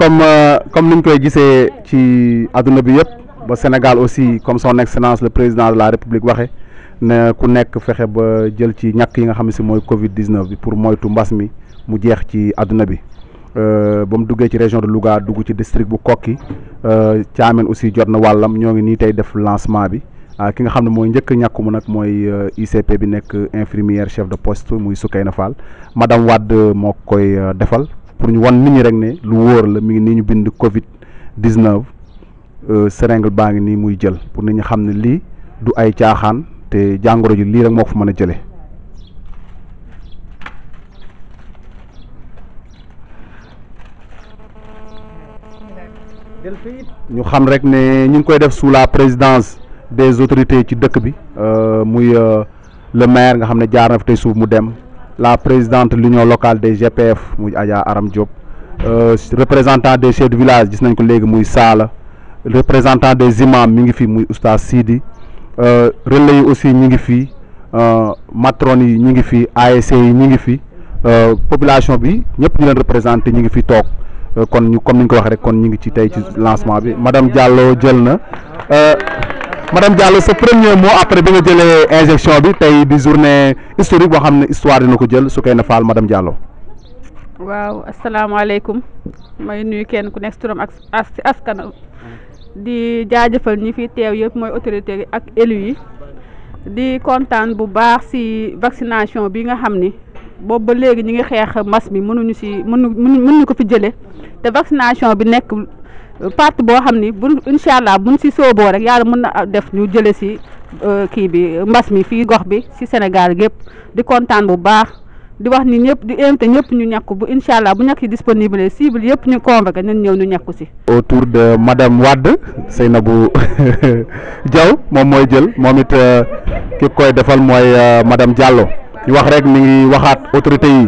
comme euh, comme niñ koy gissé ci aduna bi yépp ba Sénégal aussi comme son excellence le président de la république waxé ne ku nekk fexé ba jël ci ñak yi nga xam ci moy Covid 19 bi pour moytu mbass mi mu jeex ci aduna bi euh bam duggé ci région de Louga dugg ci district bu Kokki euh, Thiamène aussi jot na wàllam ñoo ngi nii tey def lancement bi ah, ki nga xam moy ñëk ñakuma nak moy euh, ICP bi nekk infirmière chef de poste muy Soukeyna Fall madame Wade moo koy defal. pour ñu wan nit ñi rek ne lu wóor la mi ngi nii ñu bind Covid 19 euh, seringue baa ngi nii muy jël pour nit ñi xam ne lii du ay caaxaan te jàngoro ji lii rek moo ko fa mën a jëlee. ñu xam rek ne ñu ngi koy def sous la présidence des autorités ci dëkk bi euh, muy euh, le maire nga xam ne jaar na fi tey suuf mu dem. la présidente de l'union locale des GPF Aya Aram Diop euh, représentant des chefs de village gis un ko léegi muy représentant des imams Mingifi ngi fi euh, relais aussi Mingifi, ngi Matroni, euh, matrones yi population bi ñëpp leen représenté ñi fi kon ñu comme ni l'avons ko waxee rek kon lancement madame Diallo jël Euh, madame Diallo sa premier mot après bi nga jëlee injection bi tey di journée historique boo xam ne histoire na ko jël Soukeyna Fall madame Diallo. waaw asalaamaaleykum may nuyu kenn ku nekk turam ak askan di jaajëfal ñi fi teew yëpp mooy autorité ak élu yi di kontaan bu baax ci vaccination bi nga xam ni boobu ba léegi ñi ngi xeex mas mi mënuñu ci mënu mënuñu ko fi jëlee te vaccination bi nekk part bo xamni ni buñ incha allah buñ si sooboo rek yalla mën na def ñu jëlé ci euh, ki bi mbass mi fi gox bi ci Sénégal gep di contane bu baax di wax ni ñëpp di invité ñëpp ñu ñàkk bu inshallah bu ñàkk yi disponible cible yëpp ñu convoqué nañ ñew ñu ñàkku ci autour de madame Wade Seynabou jaw mom moy jël momit euh, ki koy defal moy euh, madame Diallo ñu wax rek mi ngi waxaat autorité yi.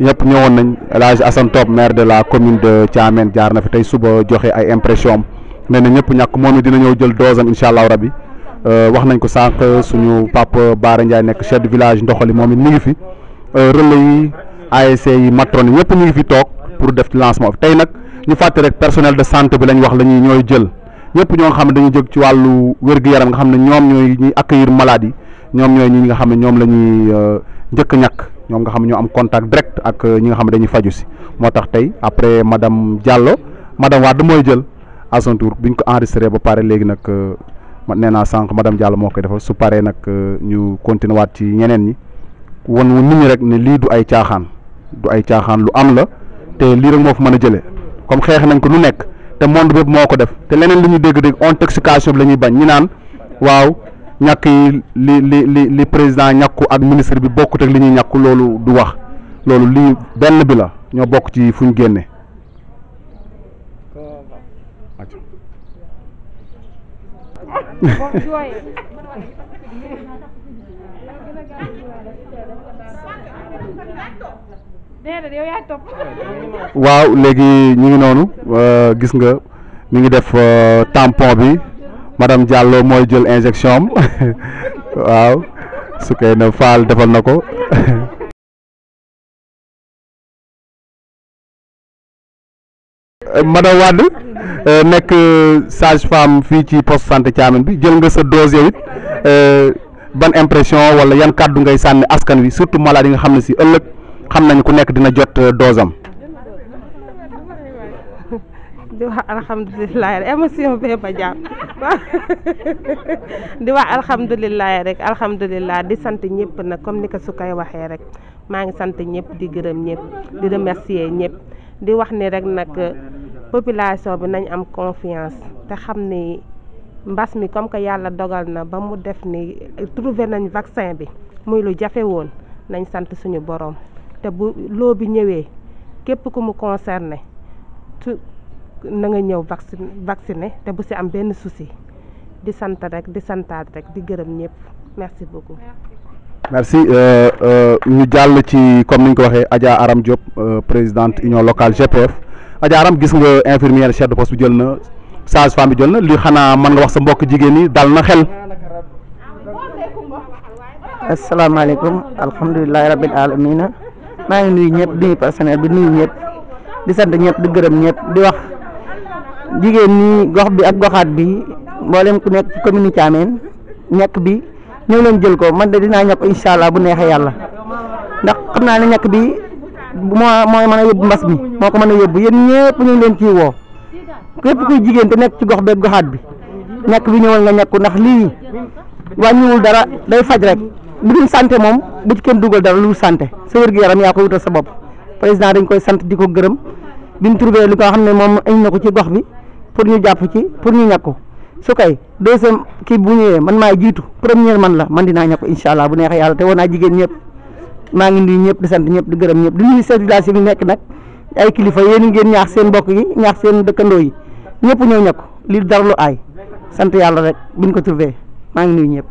ñëpp ñëwoon nañ El Hadj Assane Top maire de la commune de Thiamène jaar na fi tey suba joxe ay impression am na ñëpp ñàkk moom it dina jël dose am incha allah rabi euh, wax nañ ko sànq suñu papp Baara Ndiaye nekk chef de village Ndoxali moom it mi ngi fi euh, relais yi ASC yi matron yi ñëpp ñu ngi fi toog pour def lancement bi tey nag ñu fàtte rek personnel de santé bi lañu wax lañuy ñuy ñooy jël ñëpp ñoo nga xam ne dañu jóg ci wàllu wér yaram nga xam ne ñoom ñooy ñuy accueillir malade yi ñoom ñooy ñi nga xam ne ñoom la ñuy euh, njëkk ñàkk ñoom nga xam ñoo am contact direct ak euh, ñi nga xam ne dañuy faju si moo tax tey après madame Diallo madame Wade mooy jël à son bi ñu ko enregistré ba pare léegi nag euh, nee naa sànq madame Diallo moo koy defal su paree nag euh, ñu continué ci ñeneen ñi won wu nit ñi rek ne lii du ay caaxaan du ay caaxaan lu am la te lii rek moo fi mën a jëlee comme xeex nañ ko lu nekk te monde bépp moo ko def te leneen li ñuy dégg-dégg intoxication bi la ñuy bañ ñi naan waaw. ñak li li li li président ñakku ak ministre bi bokut ak li ñi ñakku lolu du wax lolu li benn bi la ño bok ci fuñ génné waaw léegi ñu ngi noonu euh, gis nga mi ngi def euh, tampon bi madame Diallo mooy jël injection am waaw Soukeyna Fall defal na ko madame Wade euh, nekk euh, sage femme fii ci poste santé Thiamène bi jël nga sa dose yow euh, ban impression wala yan kàddu ngay sànni askan wi surtout malade yi nga xam na si ëllëg xam nañ ku nekk dina jot dose am di wax alhamdulilah rek émotion bee ma di wax alhamdulilah rek alhamdulilah di sant ñëpp nag comme ni ko su koy waxee rek maa ngi sant ñëpp di gërëm ñëpp di remercier ñëpp di wax ni rek nag population bi nañ am confiance te xam ni mbas mi comme que yàlla dogal na ba mu def ni trouvé nañ vaccin bi muy lu jafe woon nañ sant suñu boroom te bu loo bi ñëwee képp ku mu concerné na nga ñëw vaccine vacciné te bu si am benn souci di sant rek di santaat rek di gërëm ñëpp merci beaucoup merci euh, euh, ñu jàll ci comme niñ ko waxee Adja Aram Diop euh, présidente union locale GPF Adja Aram gis nga infirmière chef de poste bi jël na sage femme bi jël na li xanaa mën nga wax sa mbokk jigéen ñi dal na xel asalaamaaleykum alhamdulilahi rabil alamina maa ngi nuyu ñëpp nuyu personnel bi nuyu ñëpp di sant ñëpp di gërëm ñëpp di wax jigéen ñi gox bi ak goxaat bi mboolem ku nekk ci commune Thiamène ñek bi ñew leen jël ko man de dinaa ñàkk incha bu neexee yalla ndax xamna naa ñek bi moo mooy mëna yobbu mbass mbas mi moo ko mën a yóbbu ñu leen ci wo képp ku jigéen te nekk ci gox beeg goxaat bi ñek bi ñewal nga ñàkku ndax li wàññiwul dara day faj rek bu dul santé moom bu ci kenn duggal dara lu santé sa wërgu yaram ya ko wutal sa bopp président dañ koy sant di ko gërëm bi mu trouvé li nga xam ne moom añ na ko ci gox bi pour ñu jàpp ci pour ñu ñàkk ko su kay deuxième kii bu ñëwee man maay jiitu première man la man di naa ko incha allah bu neexee yàlla te woon naa jigéen ñëpp maa ngi nuyu ñëpp di sant ñëpp di gërëm ñëpp di nuyu chef de village yi nekk nag ay kilifa yéen ngeen ñaax seen bokk yi ñaax seen dëkkandoo yi ñëpp ñëw ñàkk ko li dara lu aay sant yàlla rek biñ ko trouvé maa ngi nuyu ñëpp.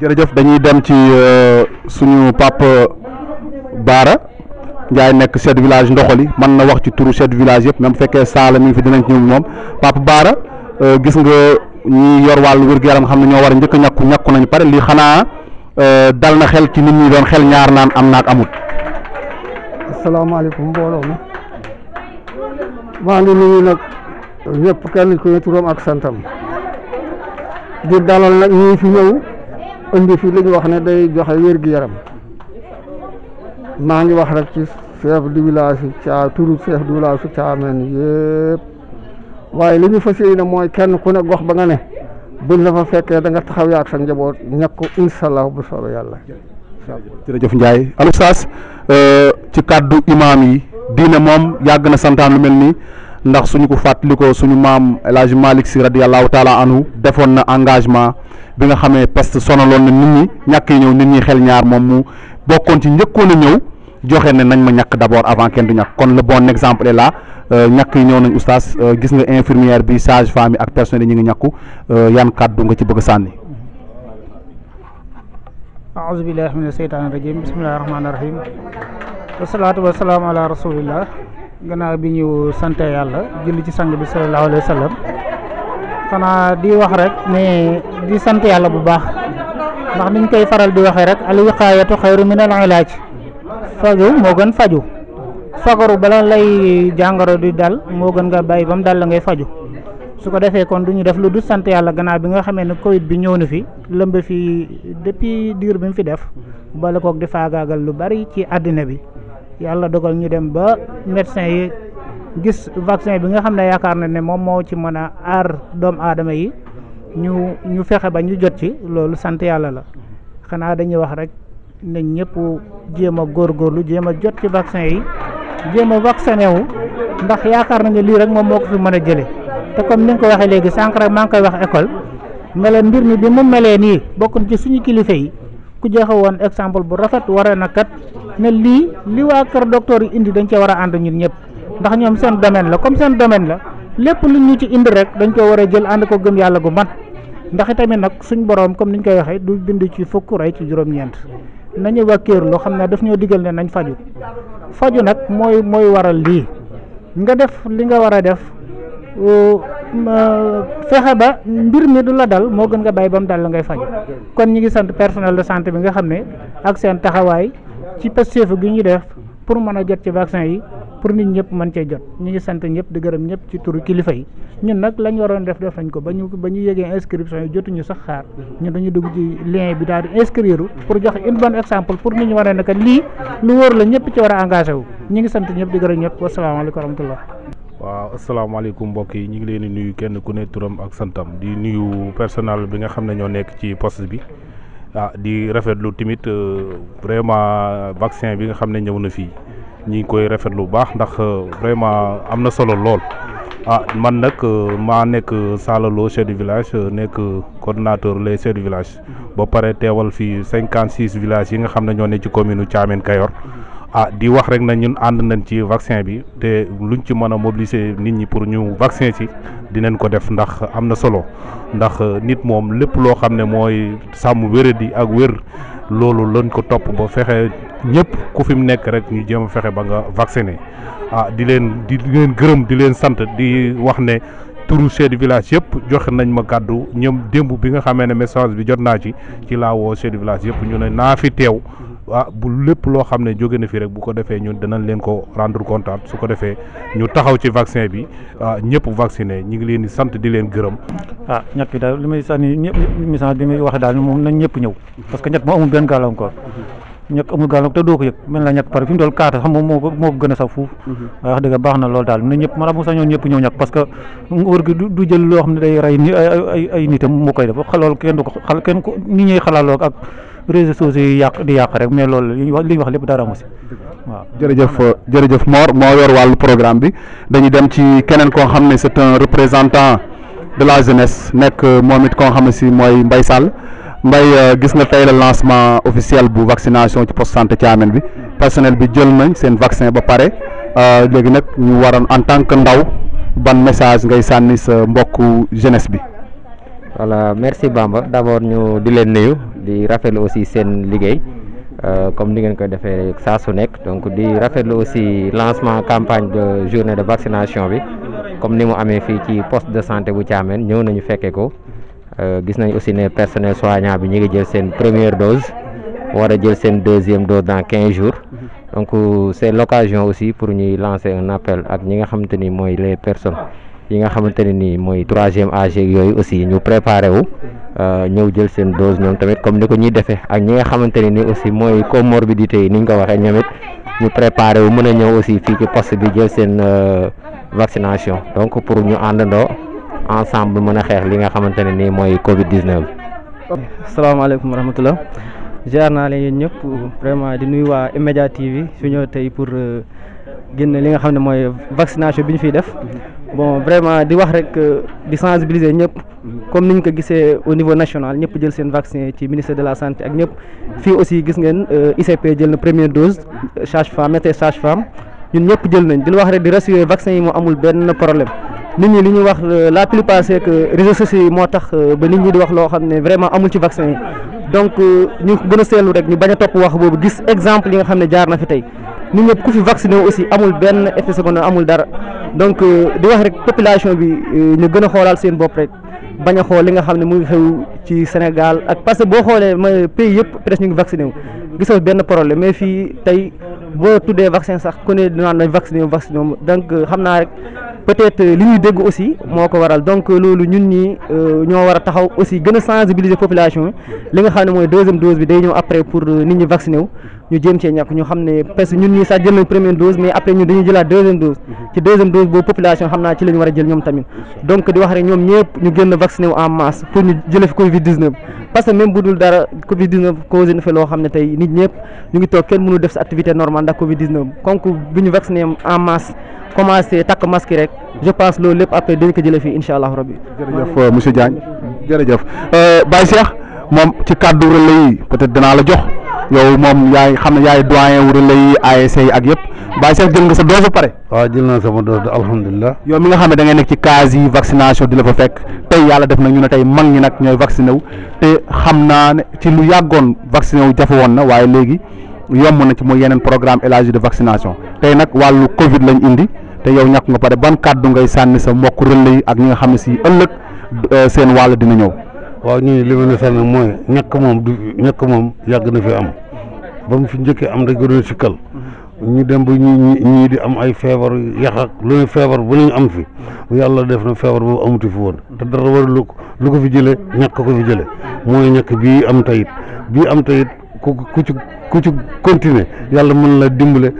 jërëjëf dañuy dem ci euh, suñu papa Baara. Ndiaye nekk chef de village Ndoxoli man na wax ci turu chef de village yëpp même bu fekkee Saala mi ngi fi dinañ ci ñëw moom Papa Baara euh, gis nga ñi yor wàllu wér-gu-yaram xam ne ñoo war a njëkk ñakku ñàkku ñàkku nañu pare lii xanaa euh, dal na xel ci nit ñi doon xel ñaar naan am naak amut. asalaamaaleykum mbooloo mi maa ngi nuyu nag ñëpp kenn ku ne turam ak santam di dalal nag ñii fi ñëw indi fi li wax ne day joxe wér-gu-yaram. maa ngi wax rek ci chef du village su caa turu chef du village su caameen yëpp waaye li ñu fas yéene mooy kenn ku ne gox ba nga ne buñ la fa fekkee da nga taxaw yaak sa njaboot ñàkk ko incha allah bu soobee yàlla. jërëjëf Ndiaye al euh, ci kàddu imaam yi diine moom yàgg na santaan lu mel nii ndax suñu ko fàttalikoo suñu maam El Hadj Malick si radiyallahu taala anhu defoon na engagement bi nga xamee peste sonaloon na nit ñi ñàkk yi ñëw nit ñi xel ñaar moom mu. bokkoon ci njëkkoon a ñëw joxe ne nañ ma ñàkk d' avant kenn du ñàkk kon le bon exemple est là euh, ñàkk yi ñëw nañ oustaz euh, gis nga infirmière bi sage femme yi ak personnel yi ñu ngi ñàkku euh, yan kàddu nga ci bëgg sànni أعوذ بالله من الشيطان الرجيم بسم الله الرحمن الرحيم والصلاة والسلام على رسول الله غنا بي نيو يالا جولي سي سانغ بي صلى الله عليه وسلم wax rek di sante yalla bu baax ndax niñ koy faral di waxe rek al wiqayatu khayru min al ilaj faju mo gën faju fagaru bala lay jangaro di dal mo gën nga bay bam dal ngay faju su ko defé kon duñu def lu du sante yalla gannaaw bi nga xamé ni covid bi ñëw na fi lembe fi depuis diir bi mu fi def bala ko di faagaagal lu bari ci adina bi yalla dogal ñu dem ba médecin yi gis vaccin bi nga xamné yaakar na né mom mo ci mëna ar aar adama yi ñu ñu fexe ba ñu jot ci loolu sante yalla la xana dañuy wax rek ne ñepp jema gor góorgóorlu jéem a jot ci vaccin yi jema vacciné wu ndax yaakaar nañu li rek mom moko fi mëna jëlé té comme ni nga ko waxee léegi rek maa koy wax école mele mbir mi bi mu melee ni bokku ci suñu kilifa yi ku joxe exemple bu rafet waré na kat ne li li wa kër docteur indi dañ ci wara and ñun ñepp ndax ñom seen domaine la comme seen domaine la lepp lu ñu ci indi rek dañ ko wara jël and ko gëm yàlla gu man ndax itamit nag suñ borom comme niñ koy waxee du bind ci fukk rey ci juróom-ñeent nañu wakkeer lo xam ne daf ñoo digal ne nañ faju faju nag mooy mooy waral lii nga def li nga war a def euh, fexe ba mbir mi du la dal moo gën nga bàyyi ba mu dal la ngay faju kon ñi ngi sant personnel de santé bi nga xam ne ak seen taxawaay ci gi ñu def pour mën a jot ci vaccin yi pour nit ñepp man cee jot ñu ngi sant ñepp di gërëm ñepp ci turu kilifa yi ñun nak lañ waroon def def nañ ko bañu bañu yégué inscription jotu ñu sax xaar ñu dañu dugg ci lien bi daal di inscrire pour jox une bonne exemple pour nit ñi waré nak li lu wor la ñepp ci wara engagé wu ñi ngi sant ñepp di gërëm salaamu alaykum wa rahmatullah assalamu alaykum mbokk yi ñi ngi leen nuyu kenn ku ne turam ak santam di nuyu personnel bi nga xamne ne nekk ci poste bi ah di rafetlu timit euh, vraiment vaccin bi nga xamne ñëw ñu ngi koy rafet lu baax ndax euh, vraiment am na solo lool ah man nag euh, maa nekk Salla Lo chef du village euh, nekk coordinateur les chefs du village ba pare teewal fii cinquante six villages yi nga xam ne ñoo ne ci commune Thiamène Kayor ah di wax rek na ñun ànd nañ ci vaccin bi te lu luñ ci mën a mobiliser nit ñi pour ñu vaccin ci dinañ ko def ndax am na solo ndax nit moom lépp loo xam ne mooy sàmm wéradi ak wér loolu lañ ko topp ba fexe ñëpp ku fi mu nekk rek ñu jéem a fexe ba nga vacciné ah di leen di leen gërëm di leen sant di wax ne turu chef de village yëpp joxe nañ ma kàddu ñoom démb bi nga xamee ne message bi jot naa ci ci laa woo chef de village yëpp ñu ne naa fi teew ah bu lépp loo xam ne jóge na fi rek bu ko defee ñun danañ leen ko rendre compte su ko defee ñu taxaw ci vaccin bi ah, ñëpp vacciné ñu ngi leen di sant di leen gërëm. ah ñett bi daal li may sànni ñëpp message bi may wax daal moom nañ ñëpp ñëw parce que ñett moo amul benn gàllankoor. ñàkk amul gàllankoor te doo ko yëg mel na ñàkk pare fi mu dool kaata xam moom moo ko moo ko gën a sax fuuf mhm. waaye wax dëgg baax na lool daal na ñëpp maanaam mu sañoon ñëpp ñëw ñàkk parce que nguur gi du jël loo xam ne day rey ni ay ay nitam mu koy def loolu kenn du ko xal kenn ko nit ñuy xalaat ak réseaux sociaux yàq di yàq rek mais loolu li ñu wax lépp dara mu si waaw. jërëjëf jërëjëf Mor moo yor wàllu programme bi dañuy dem ci keneen koo xam ne c'est un représentant de la jeunesse nekk moom it koo xam ne si mooy mbay Sall mbay euh, gis nga tey la lancement officiel bu vaccination ci poste santé Thiamène bi personnel bi jël nañ seen vaccin ba pare euh, léegi nag ñu waroon en tant que ndaw ban message ngay sànni sa mbokku jeunesse bi. voilà merci Bamba d'abord ñu di leen nuyu. di rafetlu aussi seen liggéey euh, comme ni ngeen koy defee saa su nekk donc di rafetlu aussi lancement campagne de journée de vaccination bi comme ni mu amee fii ci poste de santé bu Thiamène ñëw nañu fekkee ko euh, gis nañ aussi ne personnel soignant bi ñu ngi jël seen première dose war a jël seen deuxième dose dans quinze jours donc c' est l' aussi pour ñuy lancer un appel ak ñi nga xamante ni mooy les personnes yi nga xamante ne nii mooy troisième âge yooyu aussi ñu préparé wu euh, ñëw jël seen dose ñoom tamit comme ni ko ñuy defee ak ñi nga xamante ne nii aussi mooy comorbidité yi ni ñu ko waxee ñoom it ñu préparé wu mën a ñëw aussi fii ci poste bi jël seen euh, vaccination donc pour ñu àndandoo ensemble mën a xeex li nga xamante ne nii mooy Covid 19. salaamaaleykum wa rahmatulah jaar naa leen yéen ñëpp vraiment di nuyu waa Emedia TV su ñëw tey pour euh, génn li nga xam ne mooy vaccination bi ñu fiy def. bon vraiment di wax rek di sensibiliser ñëpp mhm. comme niñ ko gisee au niveau national ñëpp jël seen vaccin ci ministère de la santé ak ñëpp fii aussi gis ngeen euh, ICP jël na première dose charge mhm. femme et charge femme ñun ñëpp jël nañ di wax rek di rassurer vaccin yi moo amul benn problème nit ñi li ñuy wax euh, la plupart passé que réseaux sociaux yi moo tax euh, ba nit ñi di wax loo xam ne vraiment amul ci vaccin yi donc ñu gën a seetlu rek ñu bañ a topp wax boobu gis exemple yi nga xam ne jaar na fi tey nit ñëpp ku fi vacciné aussi amul benn effet secondaire amul dara donc euh, di wax rek population bi euh, ñu gën a xoolaal seen bopp rek bañ a xool li nga xam ne mu ngi xew ci Sénégal ak parce que boo xoolee ma pays yëpp presque ñu ngi vacciné wu gisoo benn problème mais fii tey boo tuddee vaccin sax ku ne dinaan na vacciné wu vacciné wu donc euh, xam naa rek peut-être euh, li ñuy dégg aussi moo ko waral donc euh, loolu ñun ñi euh, ñoo war a taxaw aussi gën a sensibiliser population li nga xam ne mooy deuxième dose bi day ñëw après pour nit ñi vacciné wu ñu ñàkk ñu xam ne parce que ñun ñi sax jël nañ première dose mais après ñun dañuy jëlaat deuxième dose ci deuxième dose population xam naa ci la ñu a jël ñoom tamit donc di wax rek ñoom ñëpp ñu génn vacciné wu en masse pour ñu jële fi covid 19 parce que même bu dul dara covid 19 causé na fi loo xam ne tey nit ñëpp ñu ngi toog kenn mënu def sa activité normale ndax covid 19 en masse commencé takk mask rek je pense loolu lépp après dañ ko jëlee fii incha allahu rabbi. jërëjëf euh, monsieur jërëjëf euh, Baye Cheikh moom ci kaddu relais yi peut-être danaa la jox yow moom yaay xam ne yaay doyen wu relais yi ASC yi ak yëpp Baye Cheikh jël nga sa dose ba pare. waaw jël naa sama dose alhamdulilah. yow mi nga xam ne da nekk ci case yi vaccination di la fa fekk tey yàlla def na ñu ne tey mag ñi nag ñooy vacciné te xam naa ne ci lu yàggoon vacciné wu jafe woon na waaye léegi yomb na ci mooy yeneen programme élargi de vaccination tey nag wàllu Covid lañ indi. te yow ñàkk nga pare ban kàddu ngay sànni sa mbokk relais yi ak ñi nga xam ne si ëllëg euh, seen wàll dina ñëw. waaw ñun li ma sànni mooy ñàkk moom du ñàkk moom yàgg na fi am ba mu fi njëkkee am da gënoon mm-hmm. ñu dem ba ñi di am ay feebar yax feebar bu am fi mm-hmm. yàlla def na feebar boobu amuti fi woon te dara war lu ko lu ko fi jëlee ñàkk ko fi jëlee mm-hmm. mooy ñàkk bii am tayit bii am tayit ku ku ci ku ci continuer yàlla mën la dimbale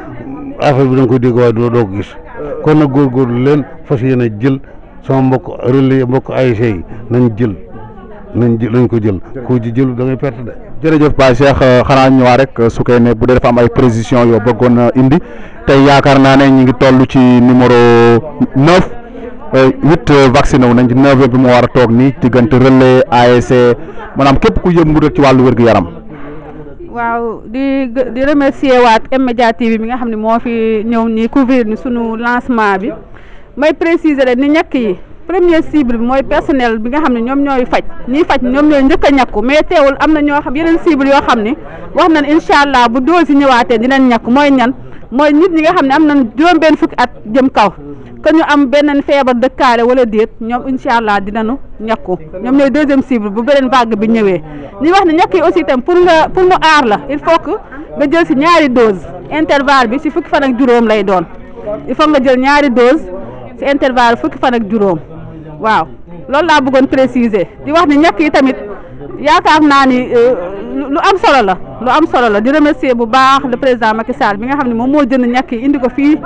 affaire bi da nga koy dégg waaye doo doo ko gis kon na góor leen fas yéene jël sama mbokk relais mbokk ASC yi nañ jël nañ jël nañ ko jël ku ji jël da ngay perte de. jërëjëf Baye Cheikh euh, xanaa ñëwaat rek euh, su koy ne bu dee dafa am ay précisions yoo bëggoon euh, indi tey yaakaar naa ne ñu ngi toll ci numéro neuf huit vacciné wu nañ ci neuf bi mu war a toog nii diggante relais ASC maanaam képp ku yëngu rek ci wàllu wér-gu-yaram. waaw di di remercier waat m TV bi nga xam ne moo fi ñëw nii couvrir ni sunu lancement bi may préciser rek ni ñakk yi premier cible bi mooy personnel bi nga xam ne ñoom ñooy faj ñiy faj ñoom ñooy njëkk a ñakku mais teewul am na ñoo xam yeneen cible yoo xam ne wax nañ incha allah bu dose yi ñëwaatee dinañ ñàkk mooy ñan mooy nit ñi nga xam ne am nañ juróom benn fukki at jëm kaw que am beneen feebar dëkkaale wala déet ñoom incha allah dinañu ñakku ñoom ñooy deuxième cible bu beneen vague bi ñëwee ñi wax ne ñàkk yi aussi itam pour nga pour mu aar la il faut que nga jël si ñaari dose intervalle bi si fukki fan ak juróom lay doon il faut nga jël ñaari dose interval intervalle fukki fan ak juróom waaw loolu laa bëggoon préciser di wax ni ñàkk yi tamit yaakaar naa ni euh, lu am solo la lu am solo la di remercier bu baax le président Macky Sall bi nga xam ne moom moo jën ñàkk yi indi ko fii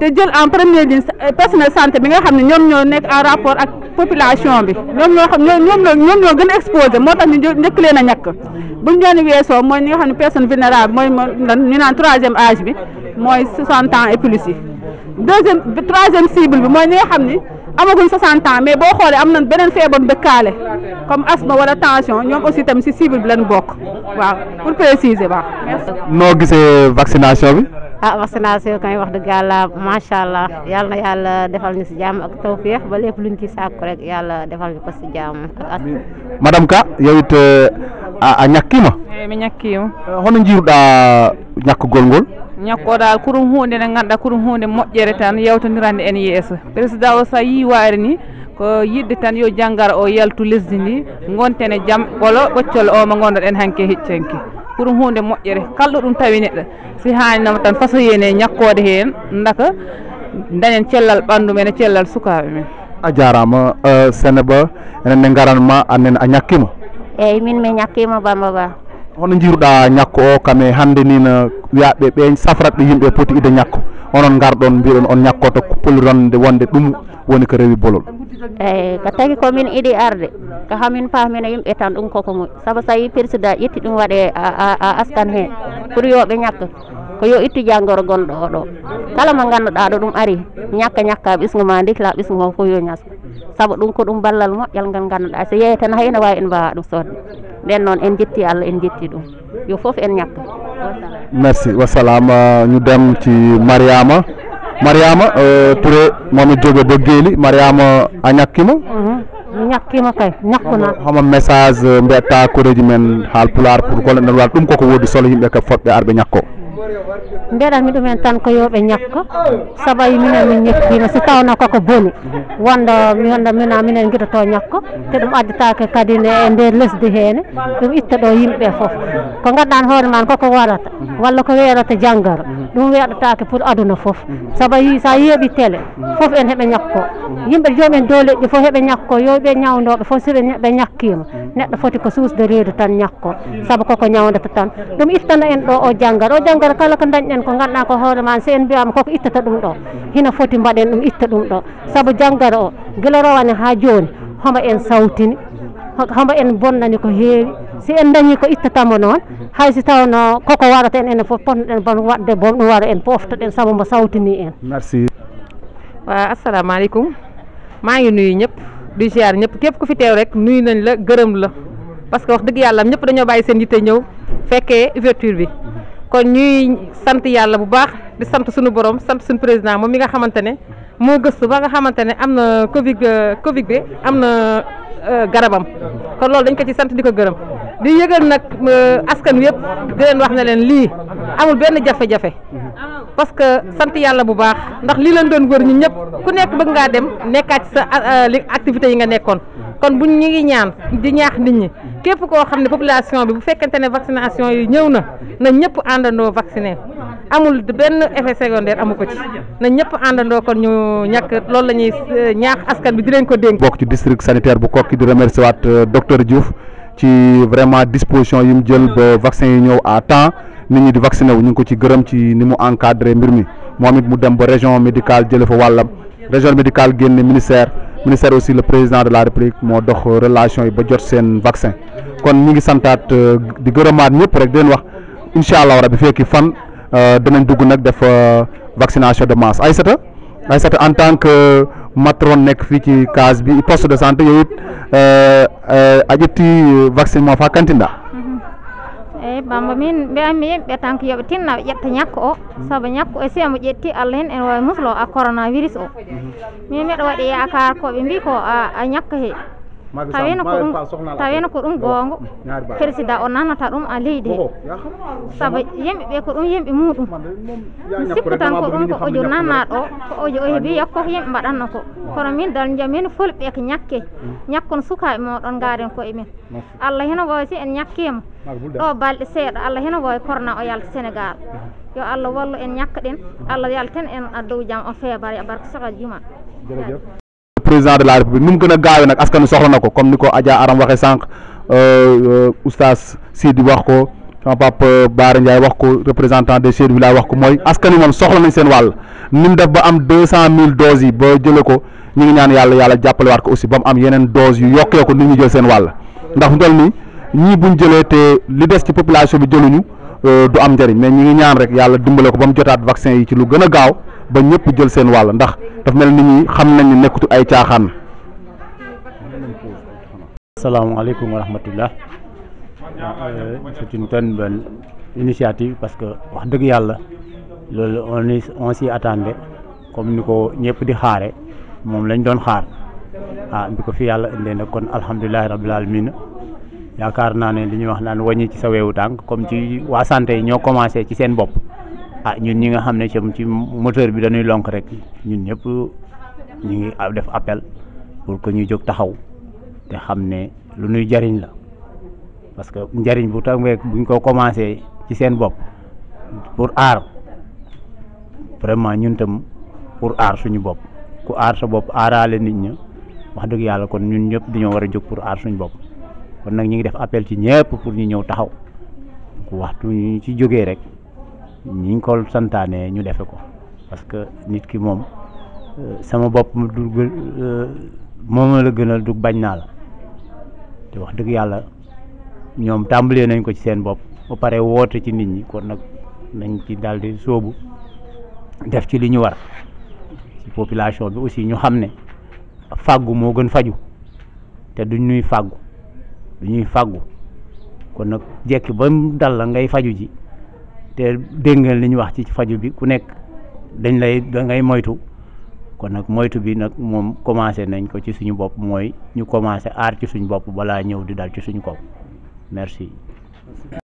te jël en première ligne euh, personnel santé bi nga xam ne ñoom ñoo nekk en rapport ak population bi ñoom ñoo xam ñoom ñoo ñoom ñoo gën a exposé moo tax ñu njëkk leen a ñàkk bu ñu leen weesoo mooy ñi nga xam ne personne vulnérable mooy ñu naan troisième âge bi mooy 60 ans et plus yi deuxième troisième cible bi mooy ñi nga xam ni amaguñ 60 ans mais boo xoolee am nañ beneen feebar dëkkaale comme asthme wala tension ñoom aussi tam si cible bi lañ bokk waaw pour préciser baax. noo gisee vaccination bi. ah vaccination kay wax dëgg yàlla macha allah yal na yàlla defal ñu si jàmm ak tawféex ba lépp luñ ci sàkku rek yàlla defal ñu ko si jàmm ak madame Ka yow it euh, a ñakkiima eh, mi ñakkiima hono jiiruɗa ñakka golngol ñakkoɗa ko ɗum hunde nde ganduɗa ko ɗum hunde moƴƴere tan yewtodirande en yeeso président o sa yi waari ni ko yidde tan yo janggara o yaltu lesdi ndi gontene jaam ɓolo ɓoccol o mo gonduɗen hanke heccanke ko ɗum hunde moƴƴere kalɗo ɗum tawi neɗɗo si haninoma tan façoyene ñakkode hen daka dañen cellal ɓandu men e cellal sukaɓe men a jarama euh, seneɓa enenne garanma annene a ñakkima eyyi min mi ñakkima bamba ba hono jiruɗa ñakko o kam e hande ni no wiyaɓe ɓeñ safratɗe yimɓe pooti ide ñakko onon garɗon mbiɗon on ñakkoto polironde wonde ɗum woni ko rewi bolol eyyi ko tagui komin iɗi arde ko hamin pamina yimɓe tan ɗum koko moƴ saabu so yi présida ƴetti ɗum waɗe a askan hen pour yoɓe ñakka ko yo ittu jangoro gondo, do kala ngando da do dum ari ñakka bis ɓisgu ma la bis ma ko yo ñaso sabo dum ko dum ballal yal ngal ganduɗa so yeeyi tan hayna way en ba ɗum so den non en jetti alla en jetti ɗum yo fof en merci wassalama ñu dem ci mariama mariama uh, touré momi jogo do geeli mariama a ñakkima mhm. ñakima kay ñakuna xama message eh, ko reji men hal pular pour golle ɗen wal ko ko wodi solo himbe ka arbe ñakko your work mbeɗan mi ɗumen tan ko yoɓe ñakka saabayi minen min ñakkima si tawno koko booni wonda mi wonda mina minen guidoto ñakka te ɗum additake kadi e nder lesdi hene ɗum itta ɗo yimɓe foof ko ganduɗan hoore ma koko waɗata walla ko weeɗata janggaro ɗum weeɗatake pour aduna foof sabay sa yeeɓi télé foof en heɓe ñakko yimɓe joomen dow leƴƴi fof heɓe ñakko yoɓe ñawdoɓe fof soɓe ɓe ñakkima neɗɗo foti ko susde reedu tan ñakko saabu koko ñawdata tan ɗum ittana en ɗo o janggaro o janggaro kala ko dañɗen en ko ganduɗa ko hore ma sen ko ko ittata dum do hina foti mbaden dum itta dum do sabu janggara o guila rowane ha joni homa en sawtini homa en bonnani ko heewi si en dañi ko ittatamo non hay si tawno ko warata en fof foof potnoɗen bon wadde bon dum waro en den sabu mbo sawtini en merci wa assalamu aleykum ma ngi nuyu ñep di ziar ñep kep ku fi tew rek nuyu nañ la gëreem la parce que wax deug yalla ñep dañu bàyyi sen yitte ñew fekke ouverture bi kon ñuy sant yàlla bu baax di sant suñu borom sant suñu président moom mi nga xamante ne moo gëstu ba nga xamante ne am na Covid euh, Covid bi am na euh, garabam kon loolu dañ ko ci sant di ko gërëm di yëgal nag euh, askan wi yëpp di leen wax na leen lii amul benn jafe-jafe parce que sant yàlla bu baax ndax lii leen doon wër ñu ñëpp ku nekk bëgg ngaa dem nekkaat ci sa activité yi nga nekkoon kon bu ñu ngi ñaan di ñaax nit ñi képp koo xam ne population bi bu fekkente ne vaccination yi ñëw na na ñëpp àndandoo vacciné amul benn effet secondaire amu ko ci na ñëpp àndandoo kon ñu ñàkk loolu la ñuy euh, ñaax askan bi di leen ko dénk. bokk ci district sanitaire bu kokki di remercier waat euh, docteur Diouf ci vraiment disposition yi mu jël ba vaccin yi ñëw à temps nit ñi di vacciné wu ñu ngi ko ci gërëm ci ni mu encadré mbir mi moom it mu dem ba région médical jële fa wàllam région médicale génne ministère. ministère aussi le président de la république moo dox relation yi ba jot seen vaccin kon ñu ngi santaat euh, di gërëmaat ñëpp rek di leen wax incha allah rabi fekki fan euh, dinañ dugg nag def euh, vaccination de ay masse Aïssata Aïssata en tant que matron nekk fii ci case bi poste de santé yow it aƴetti vaccine mo fa eyi eh, bamba min mbiyami yimɓe tan ko yooɓe tinna ɓe ƴetta ñakka o mm-hmm. saabu ñakka e si ƴetti allah hen ene wawi muslo a coronavirus o mm-hmm. min mbiɗa waɗi yakar koɓe mbi ko a ñakka he taweeno ko ɗum ko ɗum goongo président o nanata ɗum a leydi saabu yimɓe ɓe ko ɗum yimɓe muɗum sikku tan ko ɗum ko ojo nannaɗo o ko ojo o heebi yakko yimɓe mbaɗanno ko kono min dal jamin fulɓe mm. ko ñakke ñakkon sukaɓe moɗon garen koye men allah heno wowi si en ñakkima ɗo balɗe seeɗa allah heno wowi korna o yalta sénégal mm-hmm. yo allah wallu en ñakka ɗen mm-hmm. allah yalten en addow jaam o feebare e barka sahal juma président de la république nu mu gën a gaawee nag askanu soxla na ko comme ni ko Adja Aram waxee sànq euh, euh, oustaz Sidi wax ko sama papa euh, Baara Ndiaye wax ko représentant de chefs de village wax ko mooy askan wi moom soxla nañ seen wàll ni mu def ba am deux cent mille doses yi ba jëlee ko ñu ngi ñaan yàlla yàlla jàppalewaat ko aussi ba mu am yeneen doses yu yokkee ko nit ñi jël seen wàll ndax ndol ni ñii buñ jëlee te li des ci population bi jëluñu du am njëriñ mais ñi ngi ñaan rek yàlla dimbale ko ba mu jotaat vaccin yi ci lu gën a gaaw ba ñëpp jël seen wàll ndax daf mel ni ñi xam nañ ni nekkutu ay caaxaan. salaamaaleykum wa rahmatullah euh, c'est une très bonne initiative parce que wax dëgg yàlla loolu on on s'y attendait comme ni ko ñëpp di xaare moom lañ doon xaar ah bi ko fi yàlla indee nag kon alhamdulilahi rabbil alamin yaakaar naa ne li ñuy wax naan wàññi ci sa weewu tànk comme ci waa santé yi ñoo commencé ci seen bopp ah ñun ñi nga xamne ci ci moteur bi dañuy lonk rek ñun ñëpp ñi ngi def appel pour que ñu jog taxaw te xam lu ñuy jariñ la parce que jariñ bu tawee buñ ko commencé ci seen bop pour ar vraiment ñun tam pour ar suñu bop ku ar sa bop aaraale nit ñi wax dëgg yalla kon ñun ñëpp dañu wara jog pour ar suñu bop kon nak ñi ngi def appel ci ñëpp pour ñu ñew taxaw waxtu ñu ci joggé rek ñi ngi ko santaane ñu defe ko parce que nit ki moom euh, sama bopp du euh, moom la gënal du bañ naa la te wax dëgg yàlla ñoom tàmbalee nañ ko ci seen bopp ba pare woote ci nit ñi kon nag nañ ci daal di sóobu def ci li ñu war ci population bi aussi ñu xam ne fàggu moo gën faju te duñ ñuy fàggu du ñuy fàggu kon nag jekki ba mu dal la ngay faju ji te dégg ngeen li ñu wax ci faju bi ku nekk dañ lay da ngay moytu kon nag moytu bi nag moom commencé nañ ko ci suñu bopp mooy ñu commencé aar ci suñu bopp balaa ñëw di dal ci suñu kaw merci